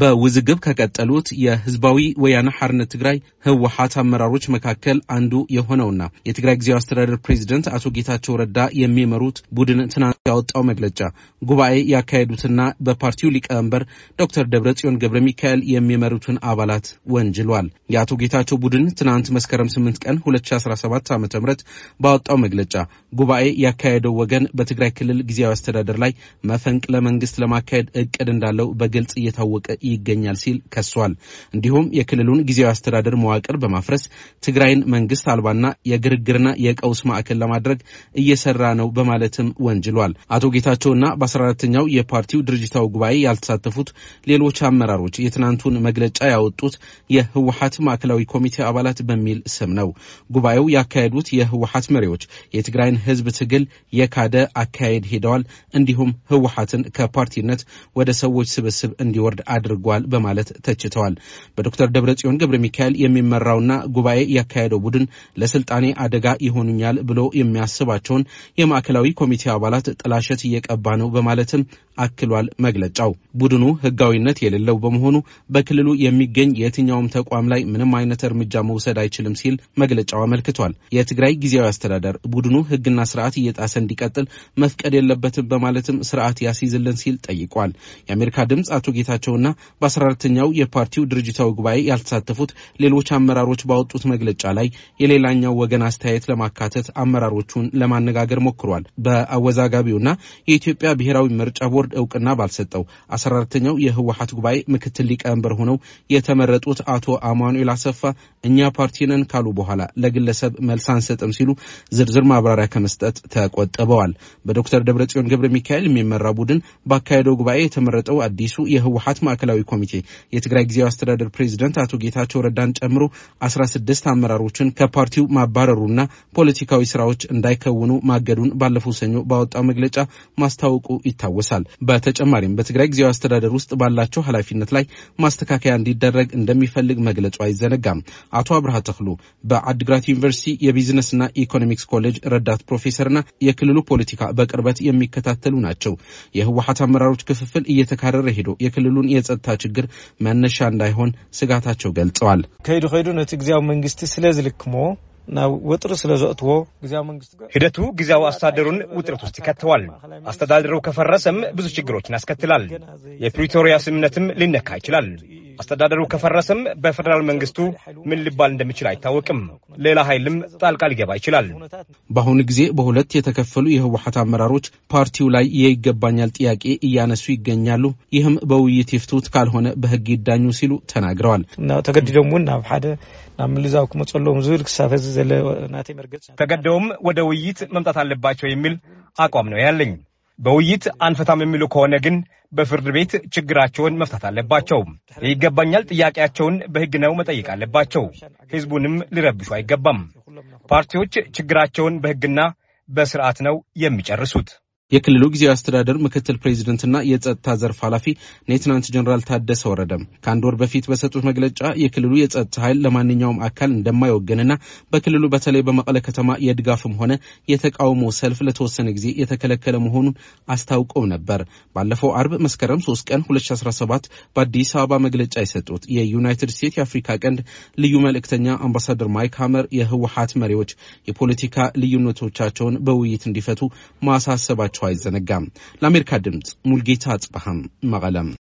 በውዝግብ ከቀጠሉት የህዝባዊ ወያነ ሐርነት ትግራይ ህወሀት አመራሮች መካከል አንዱ የሆነውና የትግራይ ጊዜያዊ አስተዳደር ፕሬዚደንት አቶ ጌታቸው ረዳ የሚመሩት ቡድን ትናንት ያወጣው መግለጫ ጉባኤ ያካሄዱትና በፓርቲው ሊቀመንበር ዶክተር ደብረጽዮን ገብረ ሚካኤል የሚመሩትን አባላት ወንጅሏል። የአቶ ጌታቸው ቡድን ትናንት መስከረም 8 ቀን 2017 ዓ ም ባወጣው መግለጫ ጉባኤ ያካሄደው ወገን በትግራይ ክልል ጊዜያዊ አስተዳደር ላይ መፈንቅለ መንግስት ለማካሄድ እቅድ እንዳለው በግልጽ እየታወቀ ይገኛል ሲል ከሷል። እንዲሁም የክልሉን ጊዜያዊ አስተዳደር መዋቅር በማፍረስ ትግራይን መንግስት አልባና የግርግርና የቀውስ ማዕከል ለማድረግ እየሰራ ነው በማለትም ወንጅሏል። አቶ ጌታቸውና በ14ተኛው የፓርቲው ድርጅታዊ ጉባኤ ያልተሳተፉት ሌሎች አመራሮች የትናንቱን መግለጫ ያወጡት የህወሀት ማዕከላዊ ኮሚቴ አባላት በሚል ስም ነው። ጉባኤው ያካሄዱት የህወሀት መሪዎች የትግራይን ህዝብ ትግል የካደ አካሄድ ሄደዋል፣ እንዲሁም ህወሀትን ከፓርቲነት ወደ ሰዎች ስብስብ እንዲወርድ አድ አድርጓል በማለት ተችተዋል። በዶክተር ደብረጽዮን ገብረ ሚካኤል የሚመራውና ጉባኤ ያካሄደው ቡድን ለስልጣኔ አደጋ ይሆኑኛል ብሎ የሚያስባቸውን የማዕከላዊ ኮሚቴ አባላት ጥላሸት እየቀባ ነው በማለትም አክሏል መግለጫው። ቡድኑ ህጋዊነት የሌለው በመሆኑ በክልሉ የሚገኝ የትኛውም ተቋም ላይ ምንም አይነት እርምጃ መውሰድ አይችልም ሲል መግለጫው አመልክቷል። የትግራይ ጊዜያዊ አስተዳደር ቡድኑ ህግና ስርዓት እየጣሰ እንዲቀጥል መፍቀድ የለበትም በማለትም ስርዓት ያስይዝልን ሲል ጠይቋል። የአሜሪካ ድምፅ አቶ ጌታቸውና በ14ተኛው የፓርቲው ድርጅታዊ ጉባኤ ያልተሳተፉት ሌሎች አመራሮች ባወጡት መግለጫ ላይ የሌላኛው ወገን አስተያየት ለማካተት አመራሮቹን ለማነጋገር ሞክሯል። በአወዛጋቢውና የኢትዮጵያ ብሔራዊ ምርጫ ቦርድ እውቅና ባልሰጠው 14ተኛው የህወሀት ጉባኤ ምክትል ሊቀመንበር ሆነው የተመረጡት አቶ አማኑኤል አሰፋ እኛ ፓርቲንን ካሉ በኋላ ለግለሰብ መልስ አንሰጥም ሲሉ ዝርዝር ማብራሪያ ከመስጠት ተቆጥበዋል። በዶክተር ደብረጽዮን ገብረ ሚካኤል የሚመራ ቡድን ባካሄደው ጉባኤ የተመረጠው አዲሱ የህወሀት ማዕከላ ማዕከላዊ ኮሚቴ የትግራይ ጊዜያዊ አስተዳደር ፕሬዚደንት አቶ ጌታቸው ረዳን ጨምሮ አስራ ስድስት አመራሮችን ከፓርቲው ማባረሩና ፖለቲካዊ ስራዎች እንዳይከውኑ ማገዱን ባለፈው ሰኞ ባወጣው መግለጫ ማስታወቁ ይታወሳል። በተጨማሪም በትግራይ ጊዜያዊ አስተዳደር ውስጥ ባላቸው ኃላፊነት ላይ ማስተካከያ እንዲደረግ እንደሚፈልግ መግለጹ አይዘነጋም። አቶ አብርሃ ተክሉ በአድግራት ዩኒቨርሲቲ የቢዝነስና ኢኮኖሚክስ ኮሌጅ ረዳት ፕሮፌሰርና የክልሉ ፖለቲካ በቅርበት የሚከታተሉ ናቸው። የህወሀት አመራሮች ክፍፍል እየተካረረ ሄዶ የክልሉን የጸጥታ ችግር መነሻ እንዳይሆን ስጋታቸው ገልጸዋል። ከይዱ ከይዱ ነቲ ግዜያዊ መንግስቲ ስለ ዝልክሞ ናብ ውጥር ስለ ዘእትዎ ሂደቱ ጊዜያዊ አስተዳደሩን ውጥረት ውስጥ ይከተዋል። አስተዳደሩ ከፈረሰም ብዙ ችግሮችን ያስከትላል። የፕሪቶሪያ ስምምነትም ሊነካ ይችላል። አስተዳደሩ ከፈረሰም በፌዴራል መንግስቱ ምን ሊባል እንደሚችል አይታወቅም። ሌላ ኃይልም ጣልቃ ሊገባ ይችላል። በአሁኑ ጊዜ በሁለት የተከፈሉ የህወሀት አመራሮች ፓርቲው ላይ የይገባኛል ጥያቄ እያነሱ ይገኛሉ። ይህም በውይይት ይፍቱት ካልሆነ በህግ ይዳኙ ሲሉ ተናግረዋል። ተገዲዶም ናብ ሓደ ናብ ምልዛው ክመፀሎም ዝብል ክሳብ ዘለ ናተይ መርገፅ ተገደውም ወደ ውይይት መምጣት አለባቸው የሚል አቋም ነው ያለኝ። በውይይት አንፈታም የሚሉ ከሆነ ግን በፍርድ ቤት ችግራቸውን መፍታት አለባቸው። ይገባኛል ጥያቄያቸውን በሕግ ነው መጠየቅ አለባቸው። ሕዝቡንም ሊረብሹ አይገባም። ፓርቲዎች ችግራቸውን በሕግና በስርዓት ነው የሚጨርሱት። የክልሉ ጊዜያዊ አስተዳደር ምክትል ፕሬዚደንትና የጸጥታ ዘርፍ ኃላፊ ሌትናንት ጀኔራል ታደሰ ወረደም ከአንድ ወር በፊት በሰጡት መግለጫ የክልሉ የጸጥታ ኃይል ለማንኛውም አካል እንደማይወገንና በክልሉ በተለይ በመቀለ ከተማ የድጋፍም ሆነ የተቃውሞ ሰልፍ ለተወሰነ ጊዜ የተከለከለ መሆኑን አስታውቀው ነበር። ባለፈው አርብ መስከረም 3 ቀን 2017 በአዲስ አበባ መግለጫ የሰጡት የዩናይትድ ስቴትስ የአፍሪካ ቀንድ ልዩ መልእክተኛ አምባሳደር ማይክ ሀመር የህወሀት መሪዎች የፖለቲካ ልዩነቶቻቸውን በውይይት እንዲፈቱ ማሳሰባቸው መሆናቸው አይዘነጋም። ለአሜሪካ ድምፅ ሙልጌታ ጽባሃም መቀለም